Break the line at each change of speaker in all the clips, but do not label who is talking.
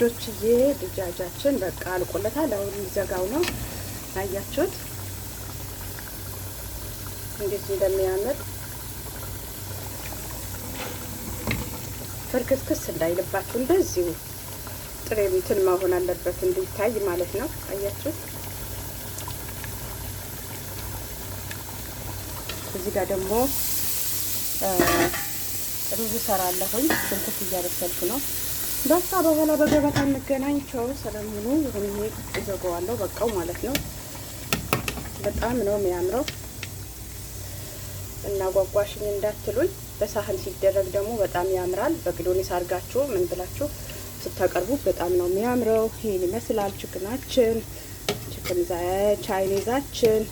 ውዶችዬ ድጃጃችን በቃ አልቆለታል። አሁን ይዘጋው ነው። አያችሁት እንዴት እንደሚያምር ፍርክስክስ እንዳይልባችሁ እንደዚሁ ጥሬ እንትን መሆን አለበት እንዲታይ ማለት ነው። አያችሁት እዚህ ጋር ደግሞ ሩዝ ሰራለሁኝ። ሽንኩርት እያበሰልኩ ነው። በቃ በኋላ በገበታ እንገናኝቸው ስለምኑ ይሁን እዘገዋለሁ። በቃው ማለት ነው። በጣም ነው የሚያምረው እና ጓጓሽኝ እንዳትሉኝ። በሳህን ሲደረግ ደግሞ በጣም ያምራል። በቅዶኒ ሳርጋችሁ ምን ብላችሁ ስታቀርቡ በጣም ነው የሚያምረው። ይህን ይመስላል ችክናችን ችክን ቻይኒዛችን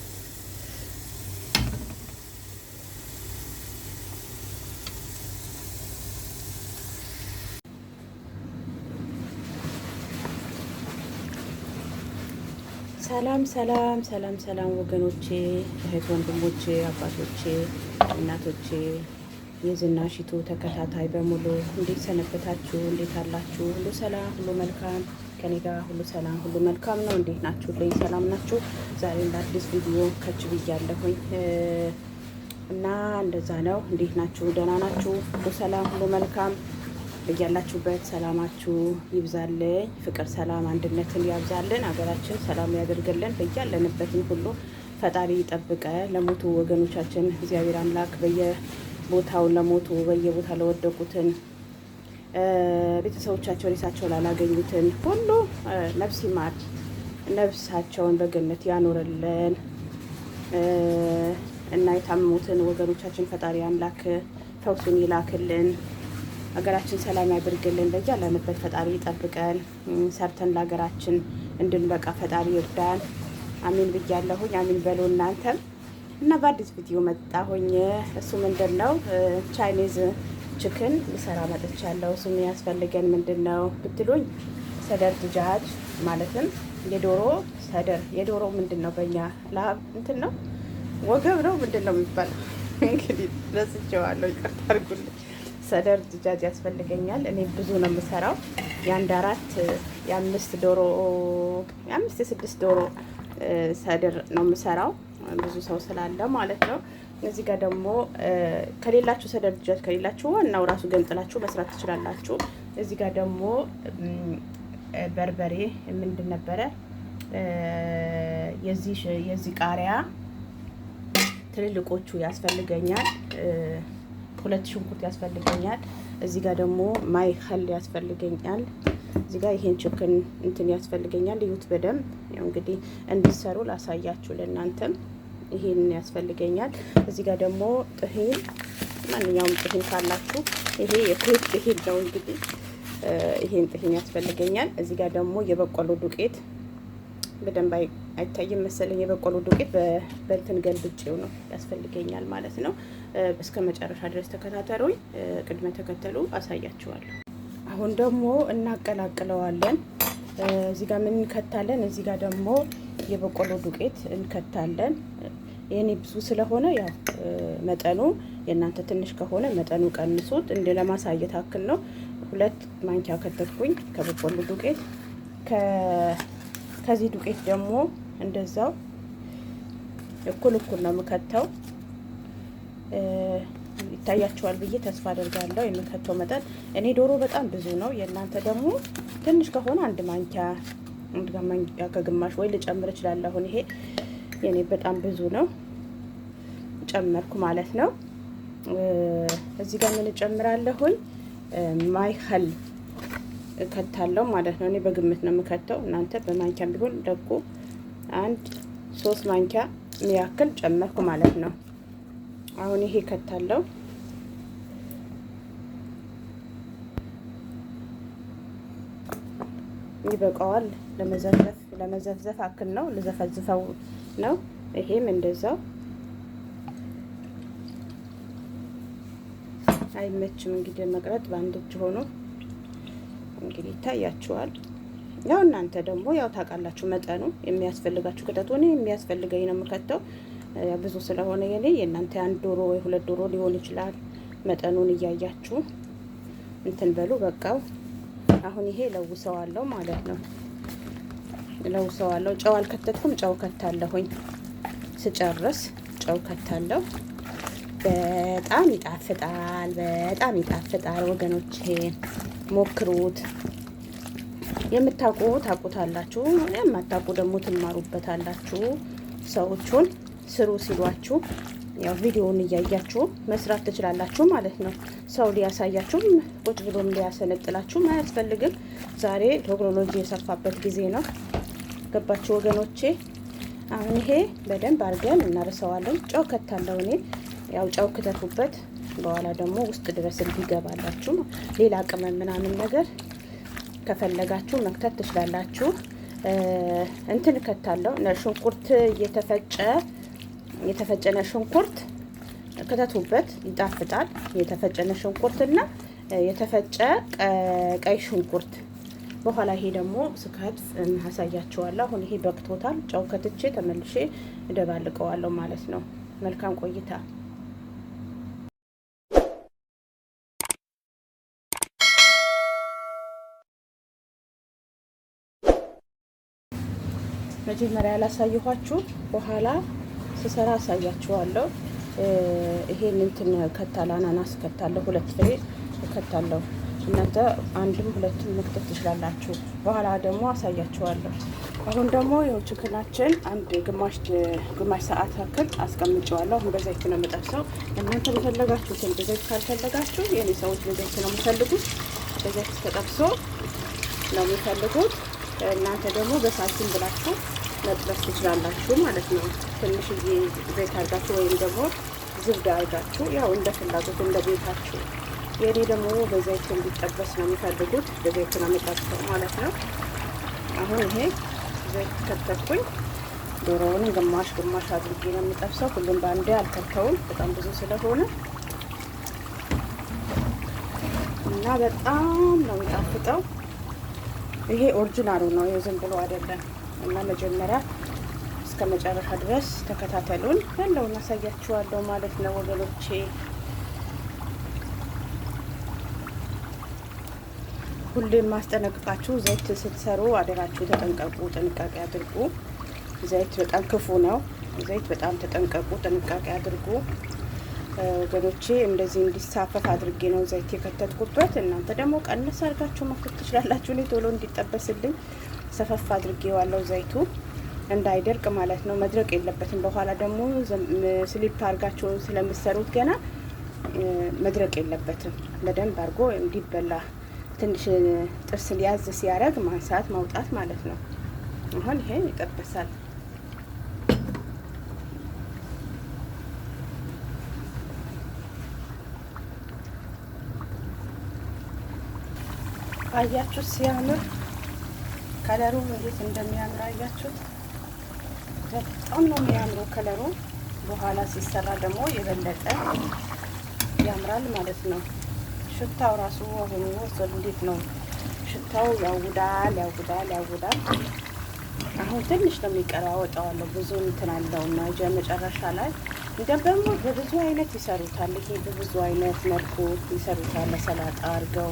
ሰላም ሰላም ሰላም ሰላም ወገኖቼ፣ እህት ወንድሞቼ፣ አባቶቼ፣ እናቶቼ የዝና ዩቱብ ተከታታይ በሙሉ እንዴት ሰነበታችሁ? እንዴት አላችሁ? ሁሉ ሰላም፣ ሁሉ መልካም ከኔ ሁሉ ሰላም፣ ሁሉ መልካም ነው። እንዴት ናችሁ? ልኝ ሰላም ናችሁ? ዛሬ ለአዲስ ቪዲዮ ከች ብያለሁኝ እና እንደዛ ነው። እንዴት ናችሁ? ደህና ናችሁ? ሁሉ ሰላም፣ ሁሉ መልካም በያላችሁበት ሰላማችሁ ይብዛልኝ። ፍቅር፣ ሰላም፣ አንድነትን ያብዛልን። ሀገራችን ሰላም ያደርግልን። በያለንበትን ሁሉ ፈጣሪ ጠብቀ። ለሞቱ ወገኖቻችን እግዚአብሔር አምላክ በየቦታው ለሞቱ በየቦታ ለወደቁትን ቤተሰቦቻቸው ሬሳቸው ላላገኙትን ሁሉ ነፍስ ይማር፣ ነፍሳቸውን በገነት ያኖርልን እና የታመሙትን ወገኖቻችን ፈጣሪ አምላክ ፈውሱን ይላክልን። ሀገራችን ሰላም ያድርግልን። በያለንበት ፈጣሪ ይጠብቀን። ሰርተን ለሀገራችን እንድንበቃ ፈጣሪ ይርዳን። አሚን ብያለሁኝ። አሚን በሉ እናንተም እና በአዲስ ቪዲዮ መጣሁኝ። እሱ ምንድን ነው ቻይኒዝ ችክን ልሰራ መጥቻለሁ። እሱ ያስፈልገን ምንድን ነው ብትሉኝ ሰደር ድጃጅ ማለትም የዶሮ ሰደር የዶሮ ምንድን ነው በእኛ ለሀብ እንትን ነው ወገብ ነው ምንድን ነው የሚባለው እንግዲህ ረስቼዋለሁ፣ ይቅርታ አድርጉልኝ። ሰደር ድጃጅ ያስፈልገኛል። እኔ ብዙ ነው የምሰራው። የአንድ አራት የአምስት ዶሮ የአምስት የስድስት ዶሮ ሰድር ነው የምሰራው ብዙ ሰው ስላለ ማለት ነው። እዚህ ጋር ደግሞ ከሌላችሁ ሰደር ድጃጅ ከሌላችሁ ዋናው ራሱ ገንጥላችሁ መስራት ትችላላችሁ። እዚህ ጋር ደግሞ በርበሬ ምንድን ነበረ የዚህ ቃሪያ ትልልቆቹ ያስፈልገኛል። ሁለት ሽንኩርት ያስፈልገኛል። እዚህ ጋር ደግሞ ማይኸል ያስፈልገኛል። እዚህ ጋር ይሄን ችክን እንትን ያስፈልገኛል። እዩት በደንብ ያው እንግዲህ እንዲሰሩ ላሳያችሁ ለእናንተም ይሄን ያስፈልገኛል። እዚህ ጋር ደግሞ ጥሂን ማንኛውም ጥሂን ካላችሁ ይሄ የኩት ጥሂን ነው እንግዲህ ይሄን ጥሂን ያስፈልገኛል። እዚህ ጋር ደግሞ የበቆሎ ዱቄት በደንብ አይታይም መሰለኝ። የበቆሎ ዱቄት በእንትን ገልብጬው ነው ያስፈልገኛል ማለት ነው። እስከ መጨረሻ ድረስ ተከታተሉኝ። ቅድመ ተከተሉ አሳያችኋለሁ። አሁን ደግሞ እናቀላቅለዋለን። እዚህ ጋር ምን እንከታለን? እዚህ ጋር ደግሞ የበቆሎ ዱቄት እንከታለን። የኔ ብዙ ስለሆነ ያው መጠኑ የእናንተ ትንሽ ከሆነ መጠኑ ቀንሱት። እንደ ለማሳየት አክል ነው። ሁለት ማንኪያ ከተትኩኝ ከበቆሎ ዱቄት ከዚህ ዱቄት ደግሞ እንደዛው እኩል እኩል ነው የምከተው። ይታያቸዋል ብዬ ተስፋ አድርጋለሁ የምከተው መጠን። እኔ ዶሮ በጣም ብዙ ነው፣ የእናንተ ደግሞ ትንሽ ከሆነ አንድ ማንኪያ አንድ ማንኪያ ከግማሽ ወይ ልጨምር እችላለሁ። አሁን ይሄ የኔ በጣም ብዙ ነው፣ ጨመርኩ ማለት ነው። እዚህ ጋር ምን እጨምራለሁኝ? ማይከል እከታለሁ ማለት ነው። እኔ በግምት ነው የምከተው፣ እናንተ በማንኪያም ቢሆን ደቁ አንድ ሶስት ማንኪያ ያክል ጨመርኩ ማለት ነው። አሁን ይሄ ከታለው ይበቃዋል። ለመዘፍዘፍ ለመዘፍዘፍ አክል ነው ልዘፈዝፈው ነው። ይሄም እንደዛው አይመችም እንግዲህ መቅረጥ በአንድ እጅ ሆኖ እንግዲህ ይታያችኋል። ያው እናንተ ደግሞ ያው ታውቃላችሁ መጠኑ የሚያስፈልጋችሁ ክተት ሆነ የሚያስፈልገኝ ነው የምከተው ብዙ ስለሆነ የኔ የእናንተ አንድ ዶሮ ወይ ሁለት ዶሮ ሊሆን ይችላል። መጠኑን እያያችሁ እንትን በሉ። በቃው አሁን ይሄ ለውሰዋለሁ ማለት ነው። ለውሰዋለሁ። ጨው አልከተትኩም። ጨው ከታለሁኝ ስጨርስ ጨው ከታለሁ። በጣም ይጣፍጣል። በጣም ይጣፍጣል ወገኖቼ ሞክሩት። የምታውቁ ታውቁታላችሁ፣ የማታውቁ ደግሞ ትማሩበታላችሁ። ሰዎቹን ስሩ ሲሏችሁ ያው ቪዲዮውን እያያችሁ መስራት ትችላላችሁ ማለት ነው። ሰው ሊያሳያችሁ ቁጭ ብሎም ሊያሰለጥላችሁ አያስፈልግም። ዛሬ ቴክኖሎጂ የሰፋበት ጊዜ ነው። ገባችሁ ወገኖቼ? አሁን ይሄ በደንብ አድርገን እናርሰዋለን። ጨው ከታለው እኔ ያው ጨው ክተቱበት፣ በኋላ ደግሞ ውስጥ ድረስ እንዲገባላችሁ ሌላ ቅመም ምናምን ነገር ከፈለጋችሁ መክተት ትችላላችሁ። እንትን እከታለሁ ሽንኩርት እየተፈጨ የተፈጨ ሽንኩርት ከተቱበት ይጣፍጣል። የተፈጨ ነጭ ሽንኩርትና የተፈጨ ቀይ ሽንኩርት በኋላ ይሄ ደግሞ ስከት እናሳያችኋለሁ። አሁን ይሄ በቅቶታል። ጨው ከትቼ ተመልሼ እደባልቀዋለሁ ማለት ነው። መልካም ቆይታ መጀመሪያ ያላሳየኋችሁ በኋላ ስሰራ አሳያችኋለሁ። ይሄን እንትን ከታል አናናስ ከታለሁ፣ ሁለት ፍሬ ከታለሁ። እናንተ አንድም ሁለቱም መክተት ትችላላችሁ። በኋላ ደግሞ አሳያችኋለሁ። አሁን ደግሞ ይኸው ችክናችን አንድ ግማሽ ግማሽ ሰዓት ያክል አስቀምጨዋለሁ። አሁን በዘይት ነው የምጠብሰው። እናንተ በፈለጋችሁትን በዘይት ካልፈለጋችሁ የኔ ሰዎች በዘይት ነው የሚፈልጉት። በዘይት ተጠብሶ ነው የሚፈልጉት። እናንተ ደግሞ በሳችን ብላችሁ መጥበስ ትችላላችሁ ማለት ነው። ትንሽ ዘይት አርጋችሁ ወይም ደግሞ ዝብዳ አርጋችሁ ያው እንደ ፍላጎት እንደ ቤታችሁ። የእኔ ደግሞ በዘይት እንዲጠበስ ነው የሚፈልጉት በዘይት ነው የሚጠብሰው ማለት ነው። አሁን ይሄ ዘይት ከተኩኝ ዶሮውን ግማሽ ግማሽ አድርጌ ነው የሚጠብሰው። ሁሉም በአንድ አልከልከውም በጣም ብዙ ስለሆነ እና በጣም ነው የሚጣፍጠው። ይሄ ኦሪጂናሉ ነው፣ ይሄ ብሎ አይደለም። እና መጀመሪያ እስከ መጨረሻ ድረስ ተከታተሉን። ያለውን አሳያችኋለሁ ማለት ነው ወገኖቼ። ሁሌም ማስጠነቅቃችሁ ዘይት ስትሰሩ አደራችሁ ተጠንቀቁ፣ ጥንቃቄ አድርጉ። ዘይት በጣም ክፉ ነው። ዘይት በጣም ተጠንቀቁ፣ ጥንቃቄ አድርጉ ወገኖቼ። እንደዚህ እንዲሳፈፍ አድርጌ ነው ዘይት የከተትኩበት። እናንተ ደግሞ ቀነስ አድርጋችሁ መክት ትችላላችሁ። እኔ ቶሎ እንዲጠበስልኝ ሰፈፍ አድርጌዋለሁ። ዘይቱ እንዳይደርቅ ማለት ነው። መድረቅ የለበትም። በኋላ ደግሞ ስሊፕ አድርጋችሁ ስለምሰሩት ገና መድረቅ የለበትም። በደንብ አድርጎ እንዲበላ ትንሽ ጥርስ ሊያዝ ሲያደርግ ማንሳት ማውጣት ማለት ነው። አሁን ይሄ ይጠበሳል። አያችሁ ሲያምር ከለሩ እንዴት እንደሚያምር አያችሁት? በጣም ነው የሚያምረው ከለሩ። በኋላ ሲሰራ ደግሞ የበለጠ ያምራል ማለት ነው። ሽታው ራሱ አሁኑ ወሰዱ እንዴት ነው ሽታው? ያውዳል፣ ያውዳል፣ ያውዳል። አሁን ትንሽ ነው የሚቀረው፣ አወጣዋለሁ። ብዙ እንትን አለውና መጨረሻ ላይ እንደበሞ በብዙ አይነት ይሰሩታል። ይሄ በብዙ አይነት መልኩ ይሰሩታል። ለሰላጣ አድርገው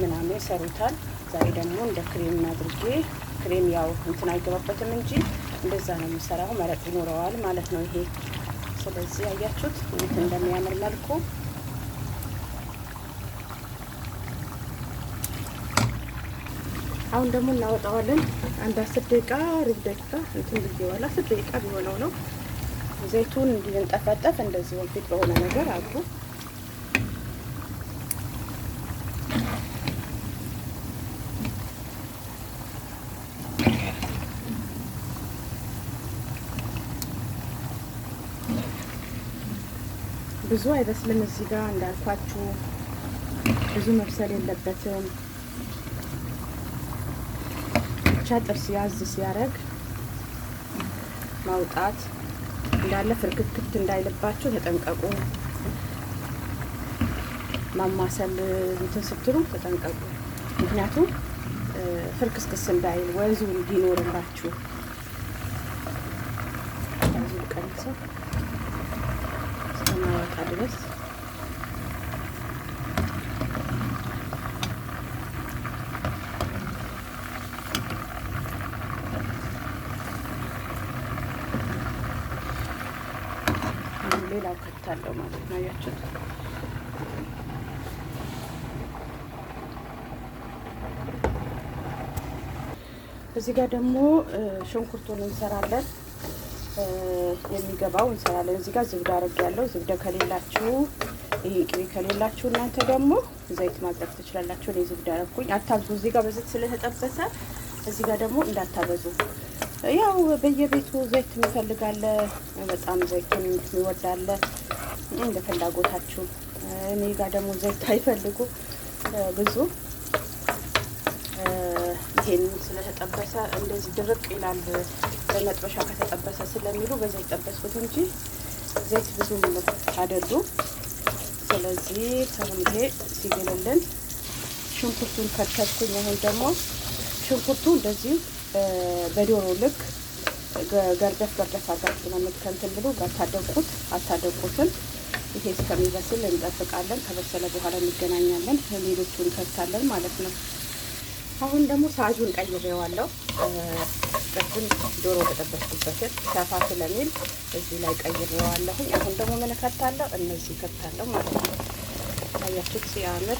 ምናምን ይሰሩታል። ዛሬ ደግሞ እንደ ክሬም አድርጌ ክሬም ያው እንትን አይገባበትም እንጂ እንደዛ ነው የሚሰራው። መረቅ ይኖረዋል ማለት ነው ይሄ። ስለዚህ ያያችሁት እንት እንደሚያምር መልኩ አሁን ደግሞ እናወጣዋለን። አንድ አስር ደቂቃ ሩብ ደቂቃ እንትን ብዬዋል። አስር ደቂቃ ቢሆነው ነው ዘይቱን እንዲንጠፈጠፍ እንደዚህ ወንፊት በሆነ ነገር አሉ ብዙ አይበስልም። እዚህ ጋር እንዳልኳችሁ ብዙ መብሰል የለበትም። ቻጥር ሲያዝ ሲያረግ ማውጣት እንዳለ ፍርክክት እንዳይልባችሁ ተጠንቀቁ። ማማሰል እንትን ስትሉ ተጠንቀቁ። ምክንያቱም ፍርክስክስ እንዳይል ወዙ እንዲኖርባችሁ ቀንሰው ድረስ ሌላው ከታለው ማለት ነው። ያችሁት እዚህ ጋር ደግሞ ሽንኩርቱን እንሰራለን። የሚገባው እንሰራለን። እዚህ ጋር ዝብዳ አረግ ያለው ዝብዳ ከሌላችሁ ይሄ ቅቤ ከሌላችሁ እናንተ ደግሞ ዘይት ማቅረብ ትችላላችሁ። እኔ ዝብዳ አረግኩኝ። አታብዙ። እዚህ ጋር በዘይት ስለተጠበሰ እዚህ ጋር ደግሞ እንዳታበዙ። ያው በየቤቱ ዘይት የሚፈልጋለ በጣም ዘይት የሚወዳለ እንደ ፍላጎታችሁ። እኔ ጋር ደግሞ ዘይት አይፈልጉ ብዙ ይሄን ስለተጠበሰ እንደዚህ ድርቅ ይላል። ለመጥበሻ ከተጠበሰ ስለሚሉ በዛ ይጠበስኩት እንጂ ዘይት ብዙ ምንበት አደሉ። ስለዚህ አሁን ይሄ ሲገለልን ሽንኩርቱን ከተትኩኝ። አሁን ደግሞ ሽንኩርቱ እንደዚህ በዶሮ ልክ ገርደፍ ገርደፍ አጋጭ ነው የምትከንትን ብሎ ባታደቁት አታደቁትም። ይሄ እስከሚበስል እንጠብቃለን። ከበሰለ በኋላ እንገናኛለን። ሌሎቹን እንከታለን ማለት ነው። አሁን ደግሞ ሳጁን ቀይሬዋለሁ። በዚህም ዶሮ በጠበስኩበትን ሰፋ ስለሚል እዚህ ላይ ቀይሬዋለሁኝ። አሁን ደግሞ ምን እከታለሁ? እነዚህ እከታለሁ ማለት ነው። ታያችሁት ሲያምር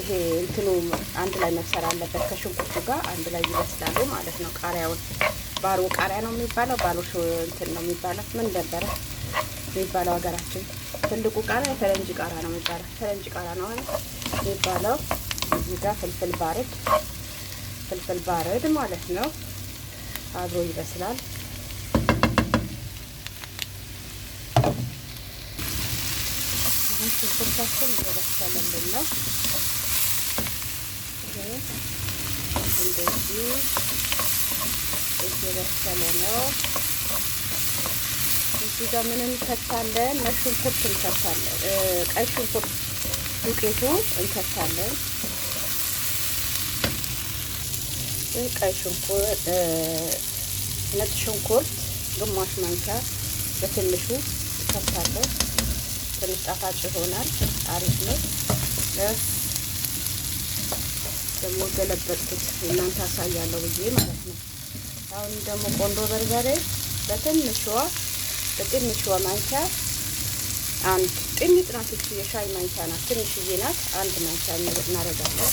ይሄ እንትኑ አንድ ላይ መብሰል አለበት ከሽንኩርቱ ጋር አንድ ላይ ይበስላሉ ማለት ነው። ቃሪያውን ባሮ ቃሪያ ነው የሚባለው፣ ባሮ እንትን ነው የሚባለው። ምን ነበረ የሚባለው ሀገራችን ትልቁ ቃሪያ የፈረንጅ ቃሪያ ነው የሚባለው። ፈረንጅ ቃሪያ ነው የሚባለው። እዚህ ጋር ፍልፍል ባረድ ፍልፍል ባረድ ማለት ነው። አብሮ ይበስላል። አሁን ሽንኩርታችን እየበሰለልን ነው። እንደዚህ እየበሰለ ነው። እዚህ ጋር ምንም እንከታለን፣ ነጭ ሽንኩርት እንከታለን፣ ቀይ ሽንኩርት ዱቄቱ እንከታለን። ቀይ ሽንኩርት፣ ነጭ ሽንኩርት ግማሽ ማንኪያ በትንሹ እንከታለን። ትንሽ ጣፋጭ ይሆናል፣ አሪፍ ነው። ደግሞ ገለበጥኩት እናንተ አሳያለሁ ብዬ ማለት ነው። አሁን ደግሞ ቆንዶ በርበሬ በትንሿ በትንሿ ማንኪያ አንድ ጥንት ናት። እቺ የሻይ ማንኪያ ናት፣ ትንሽዬ ናት። አንድ ማንኪያ እናደርጋለን።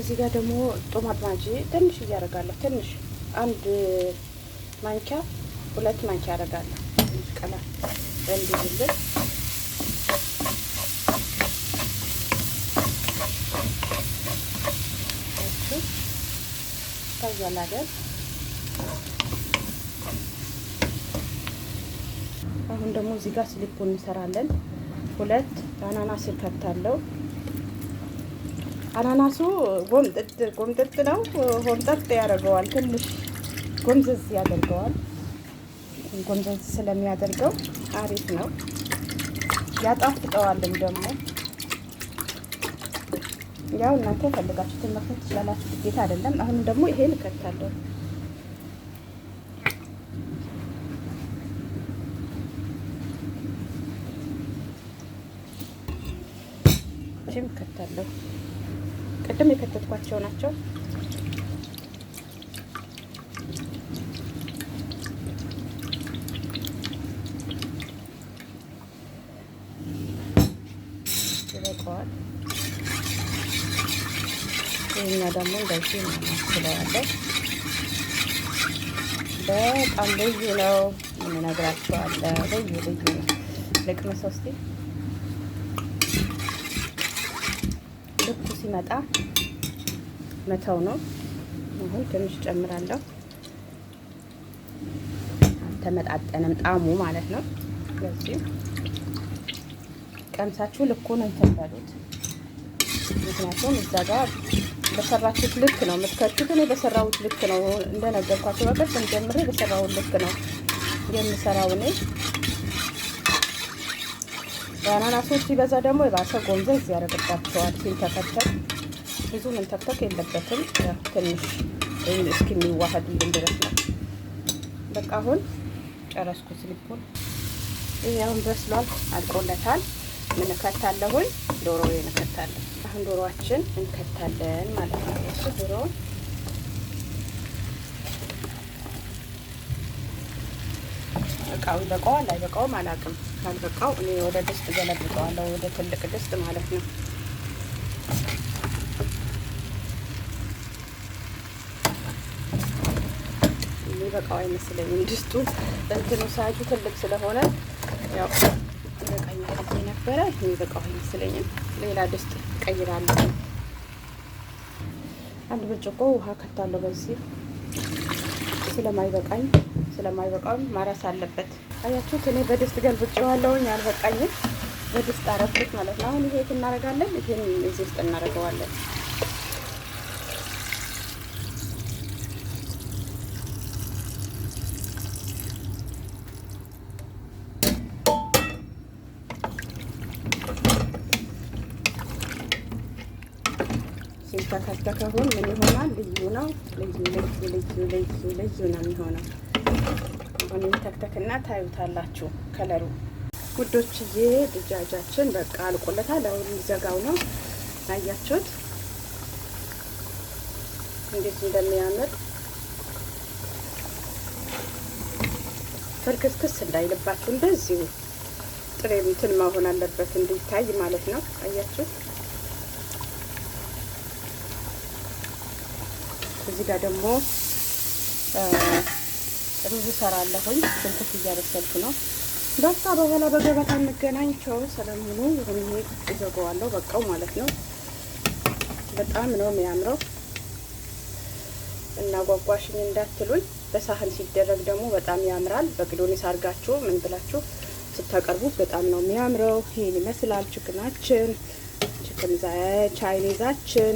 እዚህ ጋር ደግሞ ጦማት ማጂ ትንሽ እያደርጋለሁ። ትንሽ አንድ ማንኪያ ሁለት ማንኪያ አደርጋለሁ። ቀላል እንድልልን ከዛ አሁን ደግሞ እዚህ ጋር ስሊፖ እንሰራለን። ሁለት አናናስ ከታለው። አናናሱ ጎምጥጥ ጎምጥጥ ነው፣ ሆምጠጥ ያደርገዋል። ትንሽ ጎምዘዝ ያደርገዋል። ጎምዘዝ ስለሚያደርገው አሪፍ ነው፣ ያጣፍጠዋልም ደግሞ። ያው እናንተ ፈልጋችሁ መክተት ትችላላችሁ፣ ግዴታ አይደለም። አሁንም ደግሞ ይሄን እከታለሁ። እሺም እከታለሁ። ቅድም የከተትኳቸው ናቸው። ደግሞ እንደዚህ ነው ማስለዋለሁ። በጣም ልዩ ነው የምነግራቸዋለሁ። ልዩ ልዩ ነው። ልቅም ሶስቴ ልኩ ሲመጣ መተው ነው። አሁን ትንሽ ጨምራለሁ። ተመጣጠንም ጣሙ ማለት ነው። ስለዚህ ቀምሳችሁ ልኩን እንትን በሉት። ምክንያቱም እዛ ጋር በሰራችሁት ልክ ነው የምትከቱት። እኔ በሰራሁት ልክ ነው እንደነገርኳችሁ፣ በቀደም ጀምሬ በሰራሁት ልክ ነው የምሰራው እኔ። በአናናሶች ሲበዛ ደግሞ የባሰ ጎምዘዝ ያደርግባቸዋል። ሲንተከተክ ብዙ መንተክተክ የለበትም። ትንሽ ይህን እስኪሚዋሃድልን ድረስ ነው። በቃ አሁን ጨረስኩት። ልቡን ይህ አሁን በስሏል፣ አልቆለታል። እንከታለሁኝ። ዶሮ እንከታለን። አሁን ዶሮአችን እንከታለን ማለት ነው። እሱ ዶሮ እቃው ይበቃዋል አይበቃውም አላውቅም። ካልበቃው እኔ ወደ ድስት ገለብጠዋለሁ፣ ወደ ትልቅ ድስት ማለት ነው። የሚበቃው አይመስለኝም ድስቱ እንትኑ ሳጁ ትልቅ ስለሆነ ያው ይበቃኛል። ነበረ። ይሄ ይበቃዋል ይመስለኛል። ሌላ ድስት ቀይራለሁ። አንድ ብርጭቆ ውሃ ከታለሁ። በዚህ ስለማይበቃኝ ስለማይበቃው ማረስ አለበት። አያችሁት? እኔ በድስት ገልብጬዋለሁኝ፣ አልበቃኝም። በድስት አረፍኩት ማለት ነው። አሁን ይሄ እናደርጋለን። ይሄን እዚህ ውስጥ እናደርገዋለን። ከተከተከሁን ምን ይሆናል? ልዩ ነው። ልዩ ልዩ ልዩ ልዩ ልዩ ነው የሚሆነው። አሁን ተክተክና ታዩታላችሁ ከለሩ ውዶችዬ። ድጃጃችን በቃ አልቆለታል። አሁን ይዘጋው ነው። አያችሁት እንዴት እንደሚያምር ፍርክስክስ እንዳይልባችሁ እንደዚሁ ጥሬ እንትን መሆን አለበት እንዲታይ ማለት ነው። አያችሁት እዚህ ጋር ደግሞ ሩዝ ሰራለሁኝ። ሽንኩርት እያበሰልኩ ነው። በቃ በኋላ በገበታ እንገናኝ። ቸው ሰለሙኑ እዘገዋለሁ። በቃው ማለት ነው። በጣም ነው የሚያምረው እና ጓጓሽኝ እንዳትሉኝ። በሳህን ሲደረግ ደግሞ በጣም ያምራል። በቅዶኒስ አድርጋችሁ ምን ብላችሁ ስታቀርቡ በጣም ነው የሚያምረው። ይህን ይመስላል ችክናችን ችክን ቻይኒዛችን